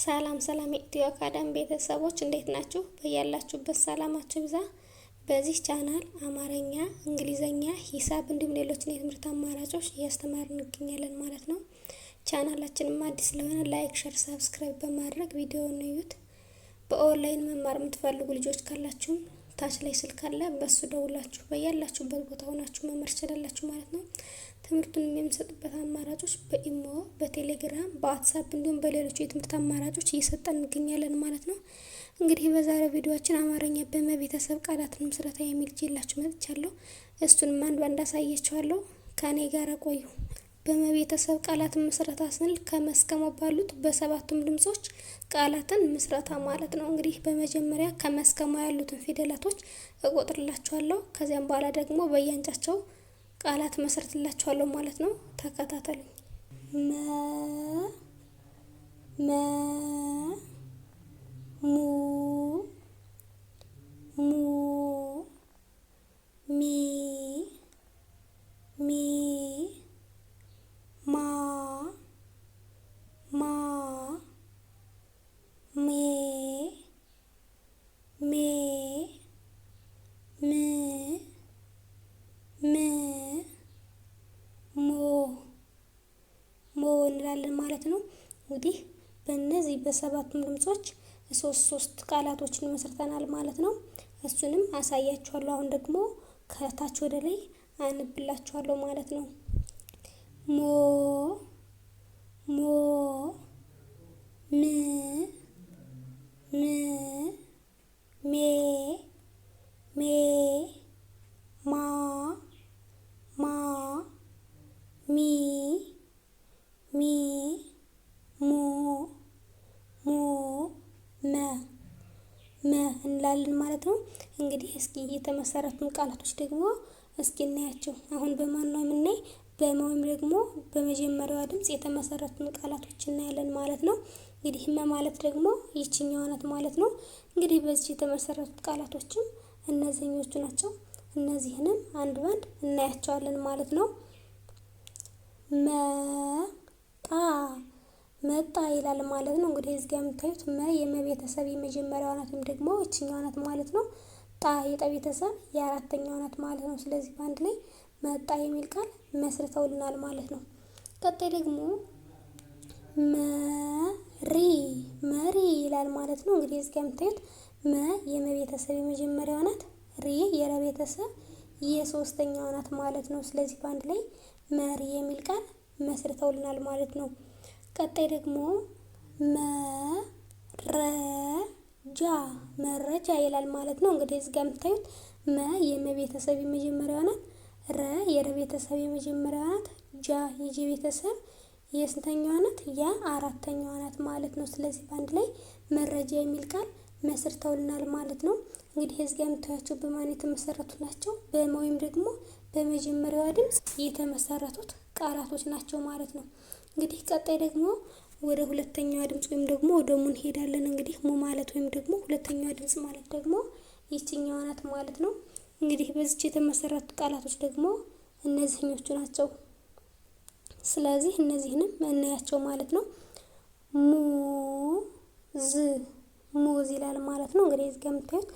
ሰላም ሰላም የኢትዮ አካዳሚ ቤተሰቦች እንዴት ናችሁ? በያላችሁበት ሰላማችሁ ይብዛ። በዚህ ቻናል አማርኛ፣ እንግሊዘኛ፣ ሂሳብ እንዲሁም ሌሎችን የትምህርት አማራጮች እያስተማርን እንገኛለን ማለት ነው። ቻናላችንም አዲስ ስለሆነ ላይክ፣ ሸር፣ ሳብስክራይብ በማድረግ ቪዲዮውን እዩት። በኦንላይን መማር የምትፈልጉ ልጆች ካላችሁም ታች ላይ ስልክ አለ፣ በሱ ደውላችሁ በያላችሁበት ቦታ ሆናችሁ መማር ትችላላችሁ ማለት ነው። ትምህርቱን የሚሰጡበት አማራጮች በኢሞ፣ በቴሌግራም፣ በዋትሳፕ እንዲሁም በሌሎች የትምህርት አማራጮች እየሰጠን እንገኛለን ማለት ነው። እንግዲህ በዛሬው ቪዲዮችን አማርኛ በመቤተሰብ ቃላትን ምስረታ የሚል ጅላችሁ መጥቻለሁ። እሱን አንድ ባንድ አሳያችኋለሁ። ከእኔ ጋር ቆዩ። በመቤተሰብ ቃላትን ምስረታ ስንል ከመስከሞ ባሉት በሰባቱም ድምጾች ቃላትን ምስረታ ማለት ነው። እንግዲህ በመጀመሪያ ከመስከሞ ያሉትን ፊደላቶች እቆጥርላችኋለሁ። ከዚያም በኋላ ደግሞ በያንጫቸው ቃላት መሰርትላችኋለሁ ማለት ነው። ተከታተሉኝ። መ መ ሙ እንላለን ማለት ነው። እንግዲህ በእነዚህ በሰባቱም ድምጾች ሶስት ሶስት ቃላቶችን መስርተናል ማለት ነው። እሱንም አሳያችኋለሁ። አሁን ደግሞ ከታች ወደ ላይ አንብላችኋለሁ ማለት ነው። ሞ ሞ ም እስኪ የተመሰረቱን ቃላቶች ደግሞ እስኪ እናያቸው። አሁን በማን ነው የምናይ? በመ ወይም ደግሞ በመጀመሪያዋ ድምፅ የተመሰረቱን ቃላቶች እናያለን ማለት ነው። እንግዲህ መ ማለት ደግሞ ይችኛዋ ናት ማለት ነው። እንግዲህ በዚህ የተመሰረቱት ቃላቶችም እነዚህኞቹ ናቸው። እነዚህንም አንድ ባንድ እናያቸዋለን ማለት ነው። መጣ መጣ ይላል ማለት ነው። እንግዲህ እዚጋ የምታዩት መ የመቤተሰብ የመጀመሪያዋ ናት ወይም ደግሞ ይችኛዋ ናት ማለት ነው። ጣ የጠቤተሰብ የአራተኛዋ ናት ማለት ነው። ስለዚህ በአንድ ላይ መጣ የሚል ቃል መስርተውልናል ማለት ነው። ቀጣይ ደግሞ መሪ መሪ ይላል ማለት ነው። እንግዲህ እዚህ የምታዩት መ የመቤተሰብ የመጀመሪያዋ ናት፣ ሪ የረቤተሰብ የሶስተኛዋ ናት ማለት ነው። ስለዚህ በአንድ ላይ መሪ የሚል ቃል መስርተውልናል ማለት ነው። ቀጣይ ደግሞ መረ ጃ መረጃ ይላል ማለት ነው። እንግዲህ እዚህ ጋር የምታዩት መ የመቤተሰብ ቤተሰብ የመጀመሪያዋ ናት። ረ የረቤተሰብ ቤተሰብ ናት። ጃ የጀ ቤተሰብ የስንተኛዋ ናት? ያ አራተኛዋ ናት ማለት ነው። ስለዚህ በአንድ ላይ መረጃ የሚል ቃል መስርተውልናል ማለት ነው። እንግዲህ እዚህ ጋር የምታያቸው በማን የተመሰረቱ ናቸው? በመ ወይም ደግሞ በመጀመሪያዋ ድምፅ የተመሰረቱት ቃላቶች ናቸው ማለት ነው። እንግዲህ ቀጣይ ደግሞ ወደ ሁለተኛዋ ድምጽ ወይም ደግሞ ወደ ሙ እንሄዳለን። እንግዲህ ሙ ማለት ወይም ደግሞ ሁለተኛዋ ድምጽ ማለት ደግሞ ይችኛዋ ናት ማለት ነው። እንግዲህ በዚች የተመሰረቱ ቃላቶች ደግሞ እነዚህኞቹ ናቸው። ስለዚህ እነዚህንም እናያቸው ማለት ነው። ሙ ሙዝ ሙዝ ይላል ማለት ነው። እንግዲህ እዚህ ጋር የምታዩት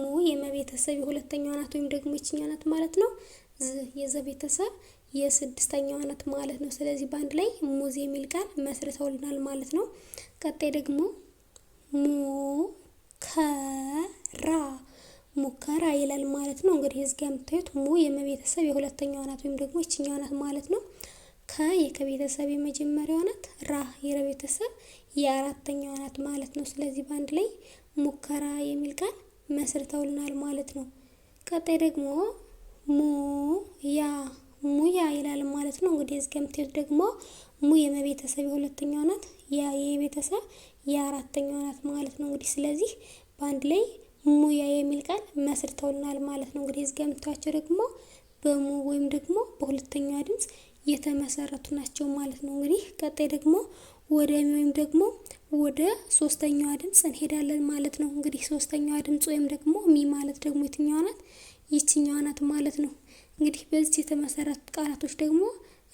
ሙ የመቤተሰብ የሁለተኛዋ ናት ወይም ደግሞ ይችኛዋ ናት ማለት ነው። ዝ የዘ ቤተሰብ የስድስተኛው አናት ማለት ነው። ስለዚህ በአንድ ላይ ሙዝ የሚል ቃል መስርተውልናል ማለት ነው። ቀጣይ ደግሞ ሙከራ ሙከራ ይላል ማለት ነው። እንግዲህ እዚህ ጋ የምታዩት ሙ የመቤተሰብ የሁለተኛው አናት ወይም ደግሞ ይችኛው አናት ማለት ነው። ከ የከቤተሰብ የመጀመሪያው አናት፣ ራ የረቤተሰብ የአራተኛው አናት ማለት ነው። ስለዚህ በአንድ ላይ ሙከራ የሚል ቃል መስርተውልናል ማለት ነው። ቀጣይ ደግሞ ያ ሙያ ይላል ማለት ነው። እንግዲህ እዚህ ከምትሄድ ደግሞ ሙ የመቤተሰብ የሁለተኛው ናት፣ ያ የቤተሰብ የአራተኛው ናት ማለት ነው። እንግዲህ ስለዚህ በአንድ ላይ ሙያ የሚል ቃል መስርተውናል ማለት ነው። እንግዲህ እዚህ ከምታያቸው ደግሞ በሙ ወይም ደግሞ በሁለተኛዋ ድምፅ የተመሰረቱ ናቸው ማለት ነው። እንግዲህ ቀጣይ ደግሞ ወደ ሚ ወይም ደግሞ ወደ ሶስተኛዋ ድምፅ እንሄዳለን ማለት ነው። እንግዲህ ሶስተኛዋ ድምፅ ወይም ደግሞ ሚ ማለት ደግሞ የትኛዋ ናት? ይችኛዋ ናት ማለት ነው። እንግዲህ በዚህ የተመሰረቱት ቃላቶች ደግሞ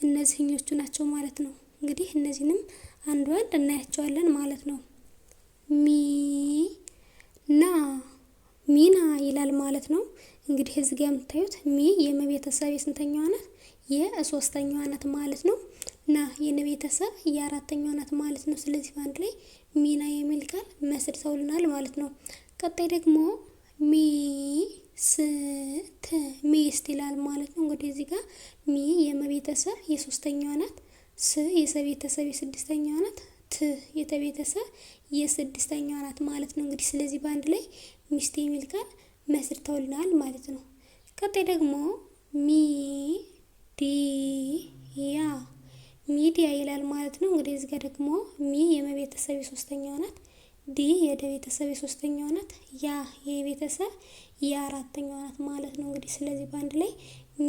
እነዚህኞቹ ናቸው ማለት ነው። እንግዲህ እነዚህንም አንድ አንድ እናያቸዋለን ማለት ነው። ሚ ና ሚና ይላል ማለት ነው። እንግዲህ እዚህ ጋር የምታዩት ሚ የመቤተሰብ የስንተኛዋ ናት? የሶስተኛዋ ናት ማለት ነው። ና የነቤተሰብ የአራተኛዋ ናት ማለት ነው። ስለዚህ በአንድ ላይ ሚና የሚል ቃል መስርተውልናል ማለት ነው። ቀጣይ ደግሞ ሚ ስ ሚስት ይላል ማለት ነው። እንግዲህ እዚህ ጋር ሚ የመቤተሰብ የሶስተኛዋ ናት። ስ የሰቤተሰብ የስድስተኛዋ ናት። ት የተቤተሰብ የስድስተኛዋ ናት ማለት ነው። እንግዲህ ስለዚህ በአንድ ላይ ሚስት የሚል ቃል መስርተውልናል ማለት ነው። ቀጣይ ደግሞ ሚ ዲ ያ ሚዲያ ይላል ማለት ነው። እንግዲህ እዚህ ጋር ደግሞ ሚ የመቤተሰብ የሶስተኛዋ ናት። ዲ የደ ቤተሰብ የሶስተኛው ናት። ያ የቤተሰብ የአራተኛው ናት ማለት ነው። እንግዲህ ስለዚህ በአንድ ላይ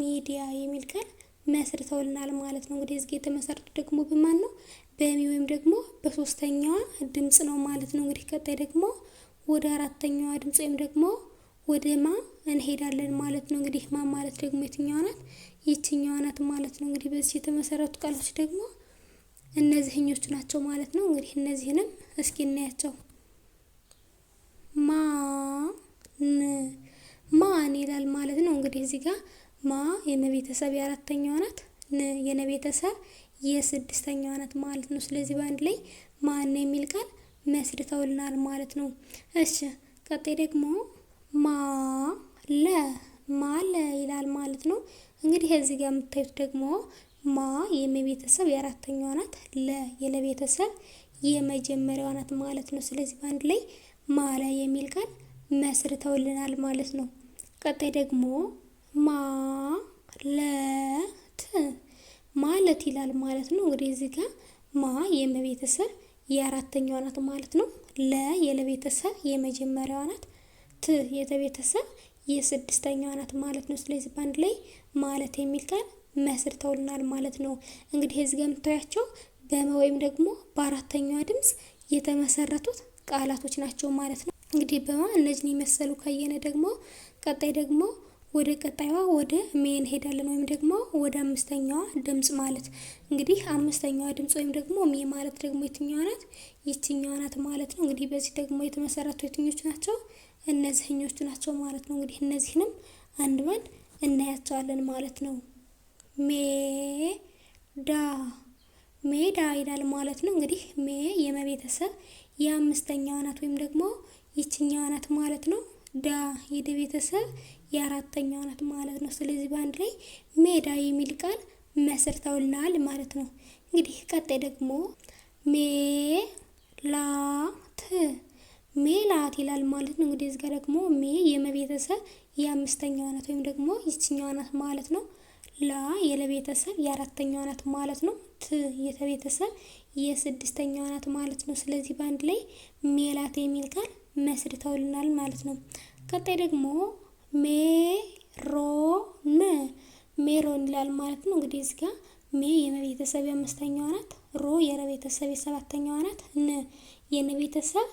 ሚዲያ የሚል ቃል መስርተውልናል ማለት ነው። እንግዲህ እዚህ የተመሰረቱ ደግሞ በማን ነው? በሚ ወይም ደግሞ በሶስተኛዋ ድምጽ ነው ማለት ነው። እንግዲህ ቀጣይ ደግሞ ወደ አራተኛዋ ድምጽ ወይም ደግሞ ወደ ማ እንሄዳለን ማለት ነው። እንግዲህ ማ ማለት ደግሞ የትኛዋ ናት? ይችኛዋ ናት ማለት ነው። እንግዲህ በዚህ የተመሰረቱ ቃሎች ደግሞ እነዚህኞቹ ናቸው ማለት ነው። እንግዲህ እነዚህንም እስኪ እናያቸው። ማን ማን ይላል ማለት ነው። እንግዲህ እዚህ ጋር ማ የነቤተሰብ የአራተኛዋ ናት፣ ን የነቤተሰብ የስድስተኛዋ ናት ማለት ነው። ስለዚህ በአንድ ላይ ማን የሚል ቃል መስርተውልናል ማለት ነው። እሺ ቀጣይ ደግሞ ማ ለ ማለ ይላል ማለት ነው። እንግዲህ እዚህ ጋር የምታዩት ደግሞ ማ የመቤተሰብ የአራተኛዋ ናት፣ ለ የለቤተሰብ የመጀመሪያዋ ናት ማለት ነው። ስለዚህ በአንድ ላይ ማለ የሚል ቃል መስርተውልናል ማለት ነው። ቀጣይ ደግሞ ማለት ማለት ይላል ማለት ነው። እንግዲህ እዚህ ጋር ማ የመቤተሰብ የአራተኛዋ ናት ማለት ነው። ለ የለቤተሰብ የመጀመሪያዋ ናት። ት የተቤተሰብ የስድስተኛዋ ናት ማለት ነው። ስለዚህ በአንድ ላይ ማለት የሚል ቃል መስርተውልናል ማለት ነው። እንግዲህ እዚህ ጋር የምታያቸው በመ ወይም ደግሞ በአራተኛዋ ድምፅ የተመሰረቱት ቃላቶች ናቸው ማለት ነው። እንግዲህ በማ እነዚህን የመሰሉ ካየነ ደግሞ ቀጣይ ደግሞ ወደ ቀጣይዋ ወደ ሜ እንሄዳለን ወይም ደግሞ ወደ አምስተኛዋ ድምፅ ማለት እንግዲህ አምስተኛዋ ድምፅ ወይም ደግሞ ሜ ማለት ደግሞ የትኛዋ ናት? ይችኛዋ ናት ማለት ነው። እንግዲህ በዚህ ደግሞ የተመሰረቱ የትኞቹ ናቸው? እነዚህኞቹ ናቸው ማለት ነው። እንግዲህ እነዚህንም አንድ በን እናያቸዋለን ማለት ነው። ሜ ዳ ሜዳ ይላል ማለት ነው። እንግዲህ ሜ የመቤተሰብ የአምስተኛው ናት ወይም ደግሞ ይችኛው ናት ማለት ነው። ዳ የደ ቤተሰብ የአራተኛዋ ናት ማለት ነው። ስለዚህ በአንድ ላይ ሜዳ የሚል ቃል መስርተውልናል ማለት ነው። እንግዲህ ቀጣይ ደግሞ ሜላት ሜላት ይላል ማለት ነው። እንግዲህ እዚጋ ደግሞ ሜ የመቤተሰብ የአምስተኛው ናት ወይም ደግሞ ይችኛው ናት ማለት ነው። ላ የለቤተሰብ የአራተኛው ናት ማለት ነው። አራት የተቤተሰብ የስድስተኛዋ ናት ማለት ነው። ስለዚህ በአንድ ላይ ሜላት የሚል ቃል መስርተውልናል ማለት ነው። ቀጣይ ደግሞ ሜሮን ሜሮን ይላል ማለት ነው። እንግዲህ እዚህ ጋር ሜ የመቤተሰብ የአምስተኛዋ ናት፣ ሮ የረቤተሰብ የሰባተኛዋ ናት፣ ን የነቤተሰብ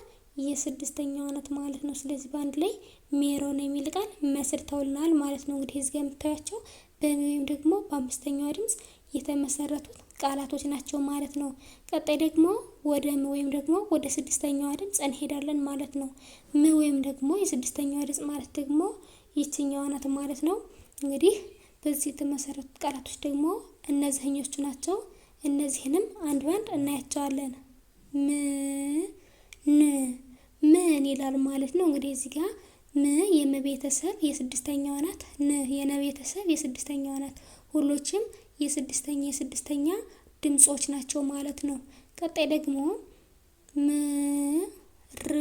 የስድስተኛዋ ናት ማለት ነው። ስለዚህ በአንድ ላይ ሜሮን የሚል ቃል መስርተውልናል ማለት ነው። እንግዲህ እዚህ ጋር የምታያቸው በሚ ወይም ደግሞ በአምስተኛዋ ድምፅ የተመሰረቱት ቃላቶች ናቸው ማለት ነው። ቀጣይ ደግሞ ወደ ም ወይም ደግሞ ወደ ስድስተኛዋ ድምፅ እንሄዳለን ማለት ነው። ም ወይም ደግሞ የስድስተኛዋ ድምፅ ማለት ደግሞ ይችኛዋ ናት ማለት ነው። እንግዲህ በዚህ የተመሰረቱት ቃላቶች ደግሞ እነዚህኞቹ ናቸው። እነዚህንም አንድ ባንድ እናያቸዋለን። ም ን ምን ይላል ማለት ነው። እንግዲህ እዚህ ጋር ም የመቤተሰብ የስድስተኛዋ ናት። ን የነቤተሰብ የስድስተኛዋ ናት። ሁሎችም የስድስተኛ የስድስተኛ ድምጾች ናቸው ማለት ነው። ቀጣይ ደግሞ ምርጫ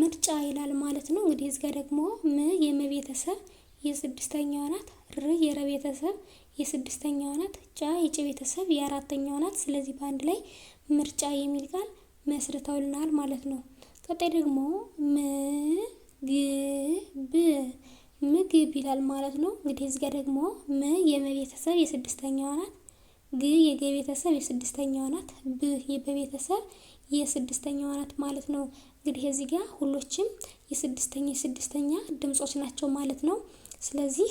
ምርጫ ይላል ማለት ነው። እንግዲህ እዚጋ ደግሞ ም የመቤተሰብ የስድስተኛው ናት። ር የረ ቤተሰብ ናት። ጫ የጭ ቤተሰብ የአራተኛው ናት። ስለዚህ በአንድ ላይ ምርጫ የሚል ቃል መስርተውልናል ማለት ነው። ቀጣይ ደግሞ ምግብ ምግብ ይላል ማለት ነው። እንግዲህ እዚህ ጋር ደግሞ ም የመቤተሰብ የስድስተኛዋ ናት። ግ የገቤተሰብ የስድስተኛዋ ናት። ብ የበቤተሰብ የስድስተኛዋ ናት ማለት ነው። እንግዲህ እዚህ ጋር ሁሎችም የስድስተኛ የስድስተኛ ድምጾች ናቸው ማለት ነው። ስለዚህ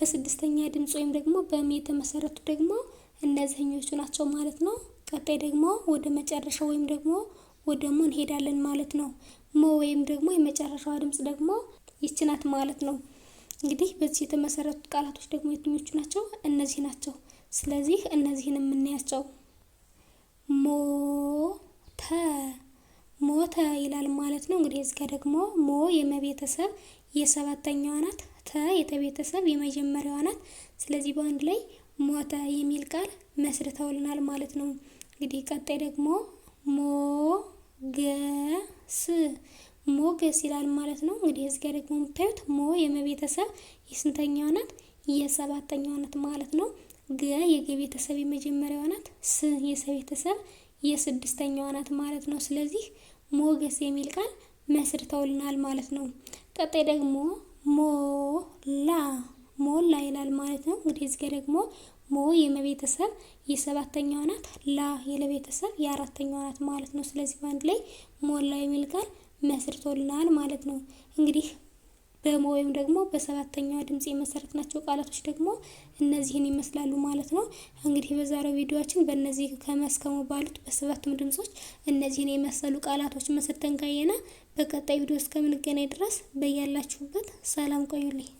በስድስተኛ ድምጽ ወይም ደግሞ በም የተመሰረቱ ደግሞ እነዚህኞቹ ናቸው ማለት ነው። ቀጣይ ደግሞ ወደ መጨረሻ ወይም ደግሞ ወደ ሙ እንሄዳለን ማለት ነው። ሞ ወይም ደግሞ የመጨረሻዋ ድምጽ ደግሞ ይችናት ማለት ነው። እንግዲህ በዚህ የተመሰረቱት ቃላቶች ደግሞ የትኞቹ ናቸው? እነዚህ ናቸው። ስለዚህ እነዚህን የምናያቸው ሞተ ሞተ ይላል ማለት ነው። እንግዲህ እዚጋ ደግሞ ሞ የመቤተሰብ የሰባተኛዋ ናት፣ ተ የተቤተሰብ የመጀመሪያዋ ናት። ስለዚህ በአንድ ላይ ሞተ የሚል ቃል መስርተውልናል ማለት ነው። እንግዲህ ቀጣይ ደግሞ ሞገስ ሞገስ ይላል ማለት ነው። እንግዲህ እዚህ ጋር ደግሞ የምታዩት ሞ የመቤተሰብ የስንተኛዋ ናት? የሰባተኛዋ ናት ማለት ነው። ገ የገቤተሰብ ቤተሰብ የመጀመሪያዋ ናት። ስ የሰቤተሰብ ቤተሰብ የስድስተኛዋ ናት ማለት ነው። ስለዚህ ሞገስ የሚል ቃል መስርተውልናል ማለት ነው። ቀጣይ ደግሞ ሞላ ሞላ ይላል ማለት ነው። እንግዲህ እዚህ ጋር ደግሞ ሞ የመቤተሰብ የሰባተኛዋ ናት። ላ የለቤተሰብ የአራተኛዋ ናት ማለት ነው። ስለዚህ በአንድ ላይ ሞላ የሚል ቃል መስርቶልናል ማለት ነው። እንግዲህ በመ ወይም ደግሞ በሰባተኛዋ ድምጽ የመሰረት ናቸው ቃላቶች ደግሞ እነዚህን ይመስላሉ ማለት ነው። እንግዲህ በዛሬው ቪዲዮችን በእነዚህ ከመስከሙ ባሉት በሰባቱም ድምጾች እነዚህን የመሰሉ ቃላቶች መሰርተን ካየና በቀጣይ ቪዲዮ እስከምንገናኝ ድረስ በያላችሁበት ሰላም ቆዩልኝ።